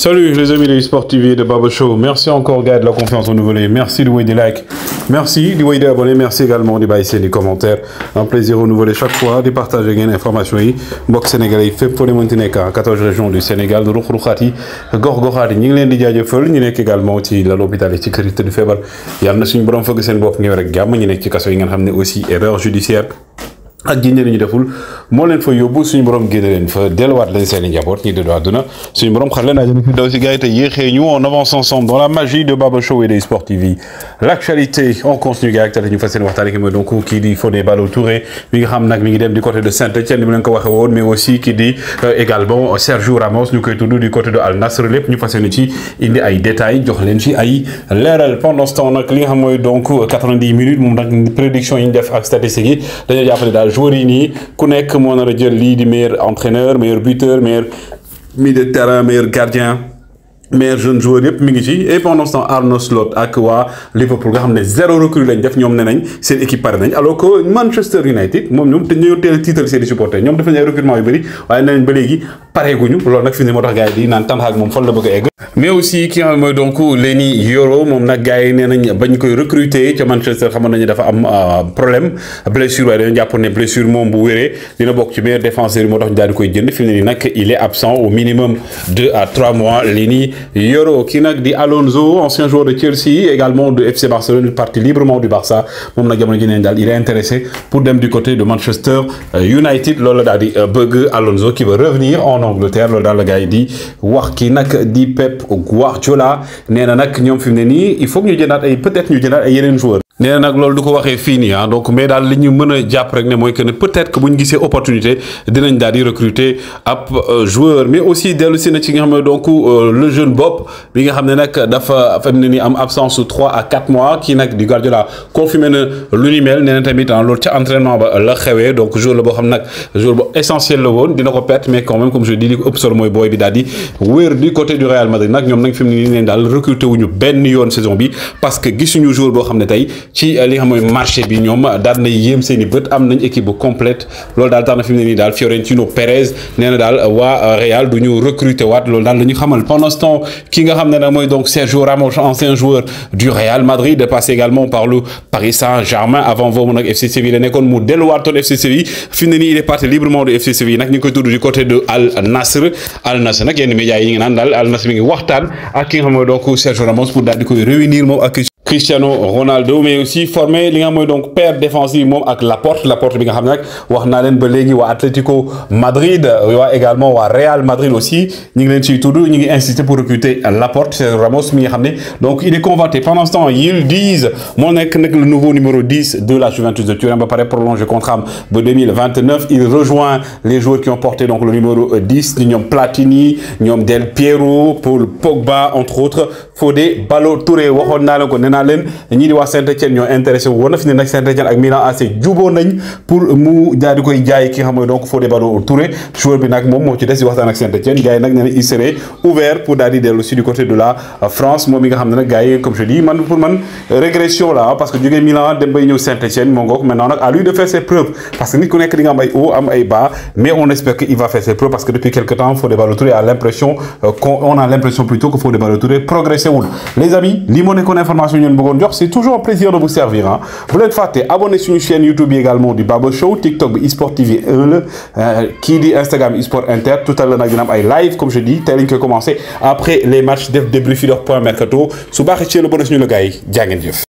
Salut les amis de Sport TV de Babo Show. Merci encore, gars, de la confiance renouvelée. Merci de des Merci de abonner. Merci également de les commentaires. Un plaisir renouvelé chaque fois de partager les informations. sénégalais, fait pour les 14 régions du Sénégal, de Gorgorati, Ninglen également l'hôpital et du aussi, erreur judiciaire ak jinne ñu deful moo leen fa yóbbu suñu borom génne leen fa delluwaat leen seen i njaboot ñi dëddu àdduna suñu borom xar leen ajana fi daw si gars yi te ñu on avance ensemble dans la magie de Baba Show et des Sport TV l'actualité on continue gars yi ñu fas seen waxtaanee ki mooy donc kii di Fodé Ballo Touré mi nga xam nag mi ngi dem di côté de Saint-Etienne ni mu leen ko waxee woon mais aussi kii di euh, également Sergio Ramos ñu koy tudd di côté de Al Nassr lépp ñu fas yéene ci indi ay détails jox leen ci ay leeral pendant ce temps nag li nga xam mooy donc 90 minutes moom nag prédiction yi ñu def ak statistiques yi dañoo jàpp daal joueurs ni ku nek mo na jël meilleurs di meilleur entraîneur meilleur buteur meilleur milieu de terrain meilleur gardien. meilleur jeune joueur yep mi ci et pendant ce temps Arno Slot ak quoi? Liverpool nga xamné zéro recrue lañ def ñom ne nañ équipe alors que Manchester United nous ñom te titre de série tiital nous avons supporters ñoom def nañ recrutement yu bari waye nañ ba pareeguñu loolu nag fi ne moo tax di naan Ten Hag moom fan la bëgg a mais aussi ki nga xam donc Lenny Yoro moom nak gars yi nee bañ koy recruter ci Manchester xamoon nañu dafa am euh, problème blessure way dañoo jàpp ne blessure moom bu wéré dina bok ci meilleur défenseur motax dañ koy jënd fi mu ne il est absent au minimum deux à 3 mois Lenny Yoro ki nak di Alonso ancien joueur de Chelsea également de FC Barcelone parti librement du Barça moom nak jamono ji dal il est intéressé pour dem du côté de Manchester euh, United loolu la daal di euh, bëgg Alonso qui veut revenir en Angleterre loolu daal la gars yi di wax kii nag di Pep Guardiola nee nak nag ñoom ni il faut que ñu jëndaat ay peut-être ñu jëndaat ay yeneen joueurs. nee na nag loolu du ko waxee ah, donc mais dans li ñu mën a rek que peut-être que vous ñu gisee opportunité dinañ nous d'aller recruter un euh, joueur mais aussi dellu si na ci nga xam donc euh, le jeune Bob bi nga xam ne nak dafa ni am absence 3 trois à quatre mois qui nak di Guardiola confirmé l'unimel. lu ni mel nee tamit ah loolu entraînement ba la xewee donc jour le boo xam nag essentiel le woon dina ko mais quand même comme je li ëpp solo mooy booy bi daal di du côté du Real Madrid nak ñom nag fi ni ne dal recruter wuñu ben yoon saison bi parce que gisuñu jour bo xamné tay ci euh, li xam moy marché bi ñom dal na yem seeni beut am nañ équipe complète loolu dal tax na ni dal Fiorentino Perez néna dal wa euh, Real duñu recruter wat loolu dal lañu xamal pendant ce temps ki nga xamné ne moy donc Sergio Ramos ancien joueur du Real Madrid passé également par le Paris Saint-Germain avant boobu mon FC Séville la mu delluwaatoon FC ton FC mu ne ni il est parti librement du FC Séville nak ñu koy tuddu du côté de Al Nasr Al Nasr nag yenn yi ñu ngi naan daal Al waxtaan ak ki nga xam ne donc Sergio Ramos pour daal di koy réunir moom ak. Cristiano Ronaldo mais aussi formé li donc père défensif, avec la porte la porte nga xam nak wax ba Atlético Madrid également à Real Madrid aussi ñi ngi pour recruter porte. c'est Ramos mi donc il est convoité pendant ce temps ils disent mon le nouveau numéro 10 de la Juventus de Turin ba paraître prolongé contrat de 2029 il rejoint les joueurs qui ont porté donc le numéro 10 Platini ñom Del Piero Paul Pogba entre autres Fodé Balotelli touré waxoon naa naa ñi di wa Saint-Etienne ñoo intéressé woon na fi Saint-Etienne ak Milan AC djubo nañ pour mu daal di koy jaay ki xamoy donc faut Ballo-Touré joueur bi nak mom mo ci des di ak Saint-Etienne gaay nak il serait ouvert pour d'aller di dellu du côté de la France moom mi nga xamné nak comme je dis man pour man régression là parce que jógee Milan dem bay Saint-Etienne Mon ngok maintenant nak à lui de faire ses preuves parce que nit ku nek di nga am ay hauts am ay bas mais on espère qu'il va faire ses preuves parce que depuis quelques temps faut Ballo-Touré a l'impression euh, qu'on a l'impression plutôt que faut Ballo-Touré progresser wul les amis lii moo nekkoon information Bonjour c'est toujours un plaisir de vous servir ah bu abonnez-vous sur une chaîne YouTube également du Baba Show TikTok e-Sport TV 1 qui euh, dit instagram Instagram eSport Inter tout à l'heure nag dina am live comme je dis tey commencer après les matchs de débrief leur point mercato su barre ci le le gars yi